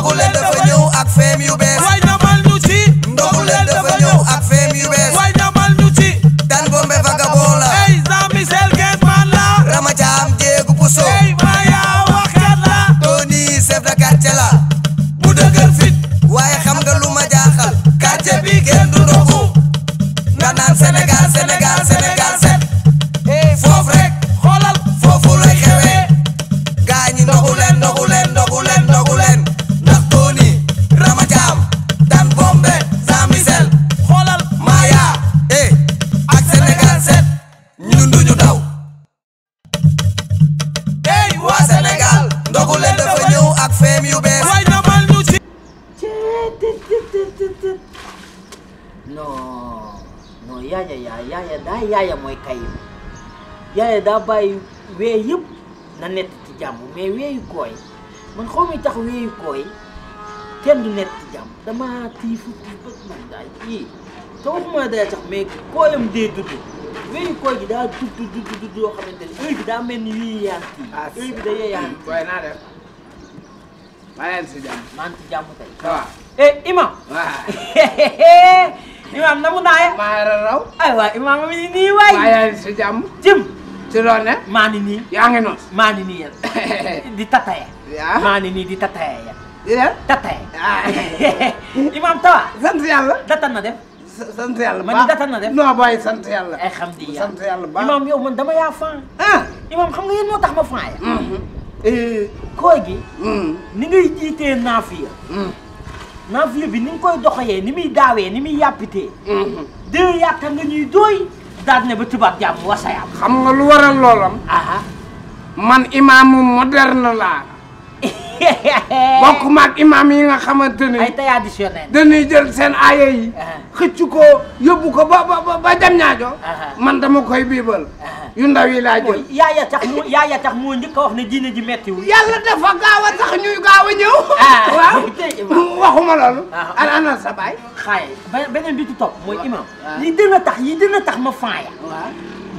dogu leen dafa ñëw ak feem yu bees non non yaaya yaay yaaya daa yaaya mooy kay yaaya daa bàyyi wee yëpp na nett ci jàmm mais weeyu kooy man xaw ma tax weeyu kooy kenn du nett ci jàmm damaa tiifu tiifu man daay tax mais kooyam dee dudd weeyu kooy gi daa dudd dudd dudd yoo xamante ne heure bi daa mel ni yeeyaan kii ah, heure bi da yeeyaan kooy naa def maa ngi si jàmm maa ngi si jàmm tey eh, waaw imaam na mu naaya. maa yore raw. aywa imaam mi ngi nii waay. maa yaa ngi si jàmm. jëm. ci loolu ne. maa ngi nii. yaa ngi noonu. maa ngi nii yéen. di tataya. waaw maa ngi nii di tataya yéen. Ah. imaam tawa. sant yàlla. datan na def. sant yàlla man datan na def. non booy sant yàlla. alhamdulilah sant yàlla imaam yow man dama yaa fan. Ah. imaam xam nga yéen moo tax ma fan ya. Mm-hmm. Eh. koor gi. Mm. ni ngay jiitee naaf yi. Mm. naafile bi ni nga koy doxalee ni muy daawee ni muy yàppitee. Mhm. deux yàkka nga ñuy dooy daal ne ba tubaab jàmm wasa yàlla. xam nga lu waral loolam. man imaamu moderne laa. bokk maag imaam yi nga xamante ni ay traditionnel dañuy jël seen aaya yi ko yóbbu ko ba ba ñaajo man dama koy biibal yu ndaw yi yaaya tax moo yaaya tax moo njëkk ne diine ji mettiwul yàlla dafa gaaw a tax ñuy gaaw a ñëw ah. waaw waxuma loolu an ah, anal sa baay xaay bi ci topp mooy imaam li dina tax yi dina tax ma faaya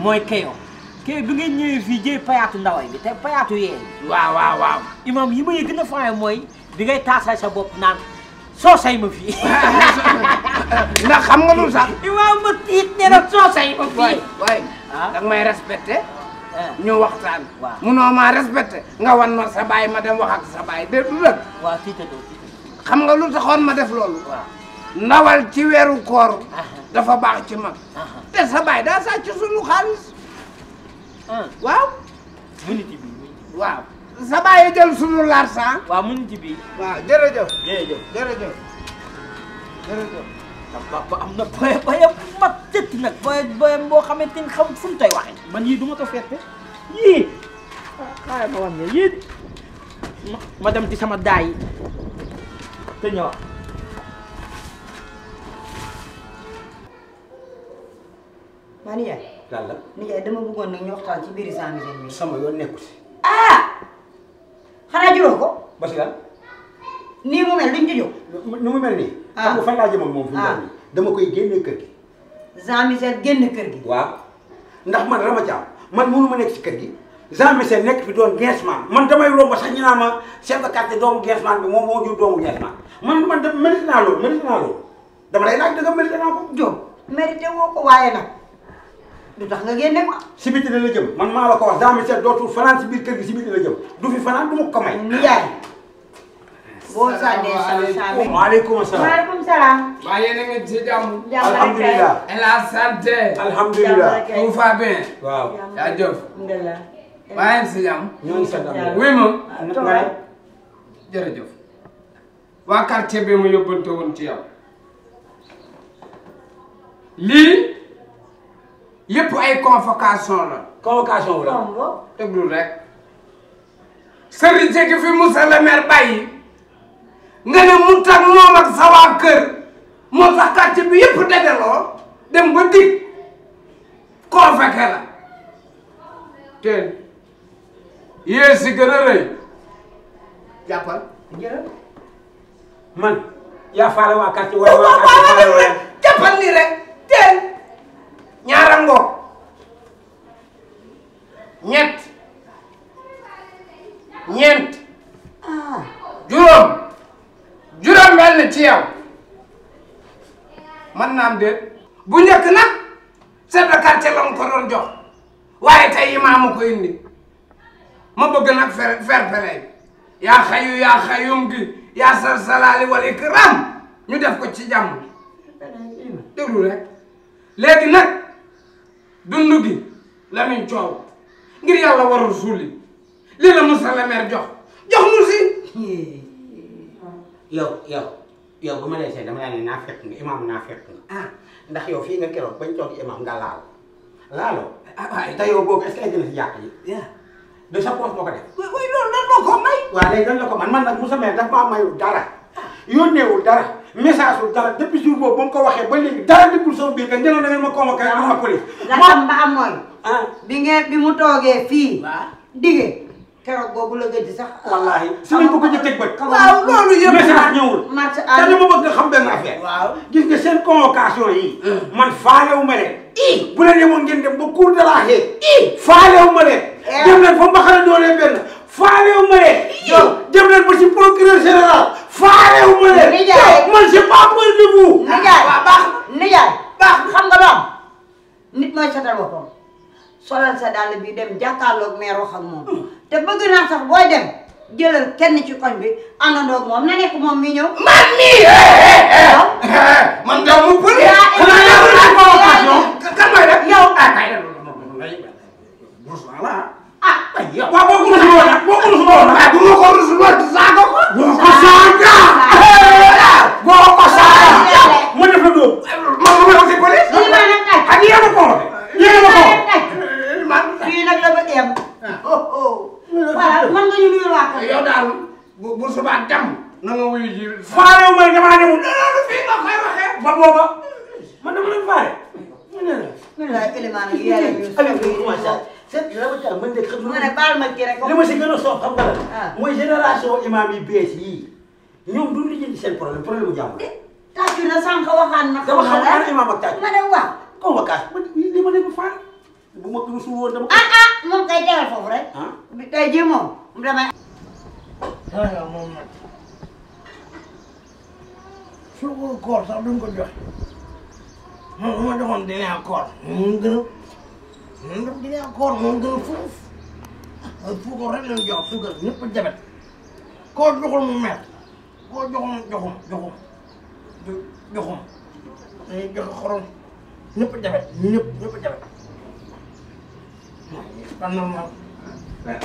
mooy keyoo kii bi ngeen ñëwee fii jëy payaatu ndaway bi te payaatu yee waaw waaw imam yi ma gën a faaye mooy bi ngay taasay sa bopp naan soosay ma fii ndax xam nga lu sax imam ma tiit ne la soosay ma fii waay ah? danga may respecté eh. ñu waxtaan munoo maa respecté nga wan ma sa baay ma dem wax ak sa baay dé du xam nga lu taxoon ma def loolu ndawal ci weeru koor dafa baax ci mag te sa baay daa sàcc sunu xaalis waaw. muniti bi waaw. sa bàyyi jël sunu larsan. waaw muniti bi waaw jërëjëf. jërëjëf jërëjëf jërëjëf. papa am na booy booy mat tëtt nag booy booy boo xamante ni xam fu mu koy waxee. man yii du ma ko fette yii xaaral ma wax ne yii ma dem ci sama daay te ñëwaat. maa nijaay. lan la nijaay dama bëggoon nag ñu waxtaan ci biir cent mille bi. sama yoon nekkul si. aa ah! xanaa juróom ko. ba si lan. nii mu mel duñ ci jóg. nu mu mel nii. ah xam fan laa jëm ak moom fu mu mel ah. nii. dama koy génne kër gi. Jean Michel génn kër gi. waaw ndax man Rama Thiam man mënu ma nekk ci kër gi. Jean Michel nekk fi doon Gensman man damay romb sax ñu naan ma chef de quartier doomu Gensman bi moom moo jur doomu Gensman man man de mérite naa loolu mérite naa loolu dama lay laaj dëgg mérite naa ko. Diop mérite woo ko waaye nag. li tax nga génne ma. si biti la jëm man maa la ko wax daa mi seet dootul fanaan si biir kër gi si biti la jëm du fi fanaan du ma ko may. Ndiaye. boo sànnee sànni sànni. maaleykum salaam maaleykum salaam. maa yéene nga ci jàmm. alhamdulilah. la santé. alhamdulilah. tout va bien. waaw jaajëf. alhamdulilah. maa ngi si jàmm. ñoo ngi sa jàmm. oui ma. Ah, jërëjëf. waa quartier bi ma yóbbante woon ci yow. lii. yëpp ay convocation la. convocation wu la déglu rek. Serigne Seck fi Moussa le maire bàyyi nga ne mu tag moom ak sa waa kër moo tax quartier bi yëpp dajaloo dem ba dig convoqué la te yéen si gën a rëy jàppal man yaa faale waa quartier wala waa quartier faale wala jàppal nii rek teen naan déet bu njëkk nag chef de quartier la ko doon jox waaye tey imaamu ko indi ma bëgg nag fer ferfere yaa xayu yaa xayum yaa sal salaali wal ikram ñu def ko ci jàmm déglu rek léegi nag dund gi la ñuy coow ngir yàlla warul suuli lii la Moussa jox jox nu si yow yow yo bu ma lay seet dama laa ne naa fekk nga imaam naa fekk nga ah ndax yow fii nga keroog bañ toog imaam nga laal laalo ah waaye ah, te yow boobu est-ce que ay si yàq yi de sa poche moo ko def. waaw loolu lan la ko may. man man nag Moussa Mère daf maa mayul dara yónneewul dara message wu dara depuis jour boobu ba mu ko waxee ba léegi dara dikkul sama biir ka njëriñ la ngeen ma convoqué ak ma police. la xam ba amoon. Ah. bi ngeen bi mu toogee fi waaw dige. keroog boobu la gëj sax. Euh, wallaahi si lañ ko a teg bët. waaw loolu xam benn affaire. waaw gis nga seen convocation yi. Hmm. man faalewu ma leen. i bu la demoon ngeen dem ba cour de la Haye. i faalewu ma leen. Eh. dem leen fa mbaxana doole benn faalewu ma leen. yow dem leen si procureur général. faalewu ma leen. nijaay man c'est pas peur de vous. nijaay ah, baax nijaay xam nga lu solal sa dàll bi dem jàkkaarloog meer wax ak moom te bëgg naa sax booy dem jëlal kenn ci koñ bi àndandoog moom na nekk moom mi ñëw. Eh, eh, eh, man mii. man nga mu pour. yaa ah. ah ko njëkk xam nga. baal ma ci rek. li ma si gën a soob xam nga la. Ah. mooy génération imam yi bees yii ñoom duñu lijjanti seen problème problème mu jàmm. Eh, tàccu na sànq waxaan na. dama xam ne ah. imam ak tàccu. ma ne waaw. convocation man li ma ne bu faal. bu ma ko suul woon dama. ah ah moom kay tegal foofu rek. ah tey jii moom mu damay. waaw ah, moom nag suukaru koor sax duñ ko joxe moom bu ma joxoon dinañ koor moom gën a moom dinañ koor moom gën a fuuf mooy puukar rek lañ jox puukar ñëpp a jabet koo mu mer koo joxum joxum joxum joxum dañuy joxe xorom ñëpp a jabet ñëpp ñëpp a jabet man noonu la ah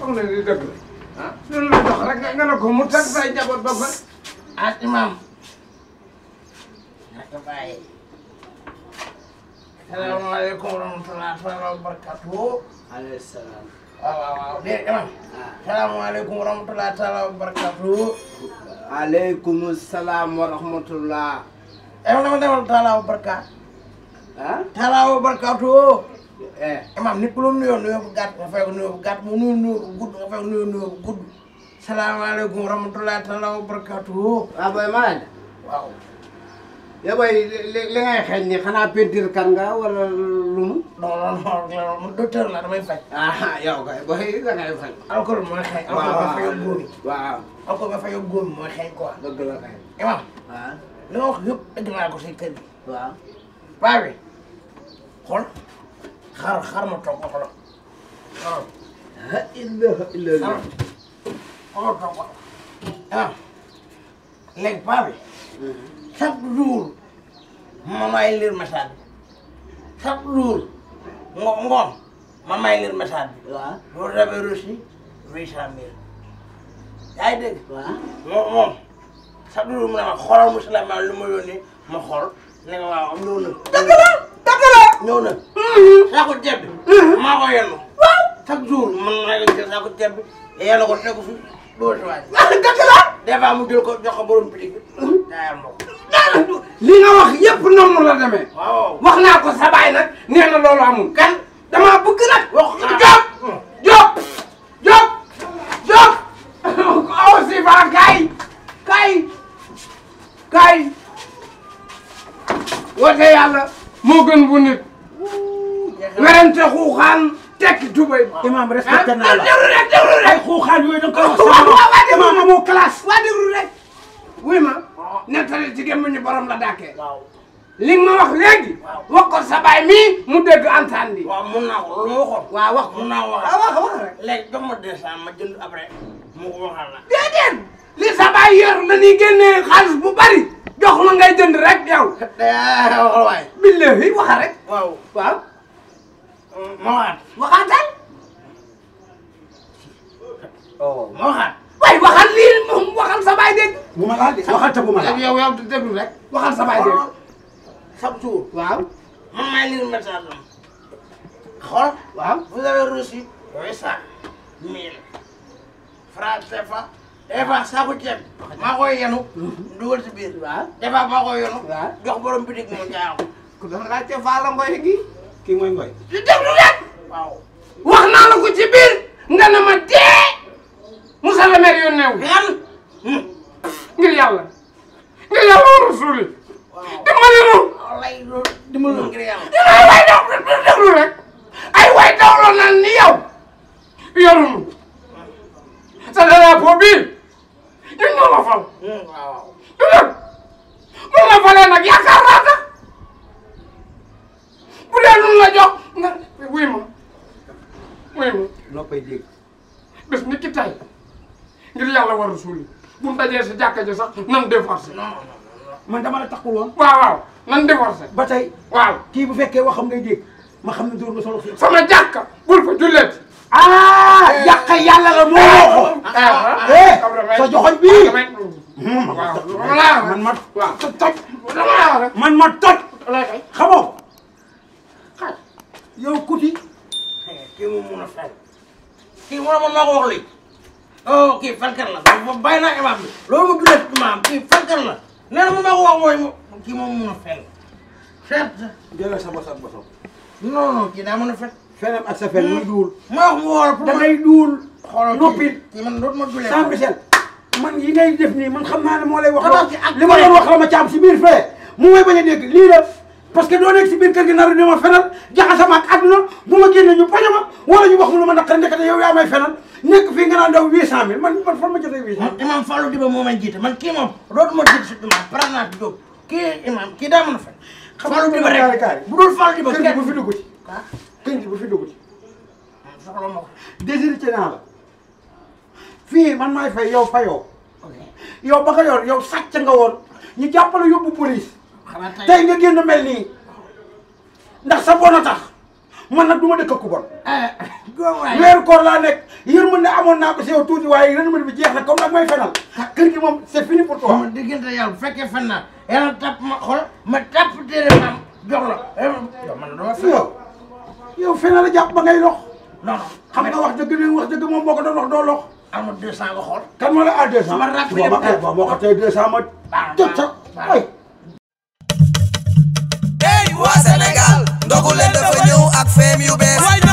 loolu la jox nga ne ko mu tag say jaboot ba ba ah imaam naka bàyyi salaamaaleykum wa rahmatulah wa barakaatu. aleyhi salaam. waaw waaw waaw dégg nga man. salaamaaleykum wa rahmatulah taala wa barakaatu. aleykum salaam wa rahmatulah. imam dama demal taala wa barakaatu. ah taala wa barakaatu. eh imam nit ku la nuyoo nuyoo bu gàtt nga fay ko nuyoo bu gàtt mu nuyoo nuyoo bu gudd nga fay ko nuyoo nuyoo bu gudd. salaamaaleykum wa rahmatulah taala wa barakaatu. waaw booy ma waaw. yaa bay li ngay xeeñ ni xanaa peinture kan nga wala lu mu. non non non docteur la damay faj. ah yow kay booy da ngay faj. alcool mooy xeeñ. waaw alcool ba fa yóbbu góor yi. waaw alcool ba fa yóbbu góor yi mooy xeeñ quoi. dëgg la kay. imam. waaw ah. li ma wax yëpp dëgg naa ko si kër gi. waaw. paa bi xool xaar xaar ma toog ma xoolal. waaw. ah il a il a. xaar ma toog ma xoolal. ah léegi paa bi. Mm-hmm. chaque jour ma may lire message bi chaque jour ngo ngoon ma may lire message bi. waaw boo demee reçu huit cent mille. yaa ngi dégg. waaw moom moom chaque jour mu ne ma lu ma yónnee ma xool ne nga waaw am ñëw na. dëgg la dëgg la. ñëw na. Mm-hmm. saako ceeb bi. Mm-hmm. maa ko yenn. waaw chaque jour man maa ngi jël saako ceeb bi yàlla ko tegu fi doo si waay. dëgg la. des dara du li nga wax yëpp noonu la demee. wax naa ko sa baay nag nee loolu amul kan damaa bëgg nag. wax naa Diop Diop Diop Diop. aw si fa kaay kaay kaay woote yàlla moo gën bu nit. werante xuuxaan tekki tubay. imaam respecté naa la ah déglu rek déglu rek. da nga koy wax. waaw wuy ma nettali ci gémmiñu borom la dàkkee. li ma wax léegi. wax ko sa mu dégg antaan bi. waaw ah, jënd après mu waxal la. déedéet li sa baay yor la ñuy bu bari. jox la ngay jënd rek yow. Eh, billahi waxa rek. ma waxaat. waxaatal. Oh, ma waxaat. waaye waxal lii moom waxal sa dégg. bu ma laal waxal te bu waxal sa dégg. chaque jour. waaw man maa ngi leen message am. xool. waaw vous avez reçu. oui ça. mille. francs CFA. des fois saako ceeb. maa koy yenu. dugal ci biir. waaw des maa koy yenu. waaw jox borom bitig mu jaay ko. ku doon faa la ngoy gi. kii mooy ngoy. di déglu rek. waaw. wax naa la ko ci biir nga ne ma dee. monsieur le maire yónnee wu. ngir yàlla. ngir yàlla war a suuli. dimbali nu. wallaay loolu dimbali ngir yàlla. ay waay daw déglu rek. ay waay dawloo naan ni yow. yorunu. sa drapeau bii. ñun ñoo la fal. Hmm, waaw. du dëgg. bu nag yaakaar naa tax. bu dee la jox nga ma wuy ma. bis ni ki ngir yàlla war a suul bu mu dajee si sax nan déforcé. man dama la taxul woon. waaw waaw nan déforcé. ba tey waaw kii bu fekkee waxam ngay dégg ma xam ne dóor nga solo. sama jàkka bul fa julleet. ah jàkka yàlla la moo ko. sa joxoñ bii. man ma toj. man ma toj. xamoo. yow kuti. kii moom mun a fay. kii mu ne ma maa ko wax léegi. oh kii fenkat la moom bàyyi naa imaam bi loolu ma dundee ci maam kii fenkat la nee na mu ma wax mooy kii moom mun a fen fet jëlal sa bosam bosam non non kii daa mën a fet fenam ak sa fen muy hmm. duul ma wax mu wóor pour damay duul xoolal noppi man dootuma dulee sans Michel man yi ngay def nii man xam naa ne moo lay wax li ma doon wax la ma caam si biir fee mu may bañ a dégg lii la parce que doo nekk si biir kër gi naru ne ma fenal jaxasama ak àdduna bu ma génne ñu bañ a ma wala ñu wax mu lu ma naqari ndekete yow yaa may fenal nekk fii nga naan daw huit cent man man fan ma jotee huit cent mille. imam Fallou Diba moo ma jiite man kii si imam par naa si kii imam kii daa mën a fay. Fallou Diba rek bu dul Fallou Diba kenn bu fi dugg ci. fi dugg ci. soxla ma ko désiré fii man maay fay yow fayoo. yow ba nga yor yow sàcc nga woon ñu jàppale yóbbu police. xanaa tey nga génn mel nii ndax sa bon a tax. man nag du ma dëkk ka bon. Eh, weeru koor laa nekk yërmande amoon naa ko si yow tuuti waaye yërmande bi jeex na kom nag may fenal ah. kër gi moom c'est fini pour toi. moom diggante yàlla bu fekkee fen naa yàlla tàpp ma xol ma tàpp téere maam jox la eh, yow man dama fen yow yow fenal la jàpp ba ngay lox xam nga wax dëgg li wax dëgg moom boo ko doon lox doo lox amul 200 nga xool kan ma la ah 200 ma jot sa ay hey waa Sénégal ndogu leen dafa ak feem yu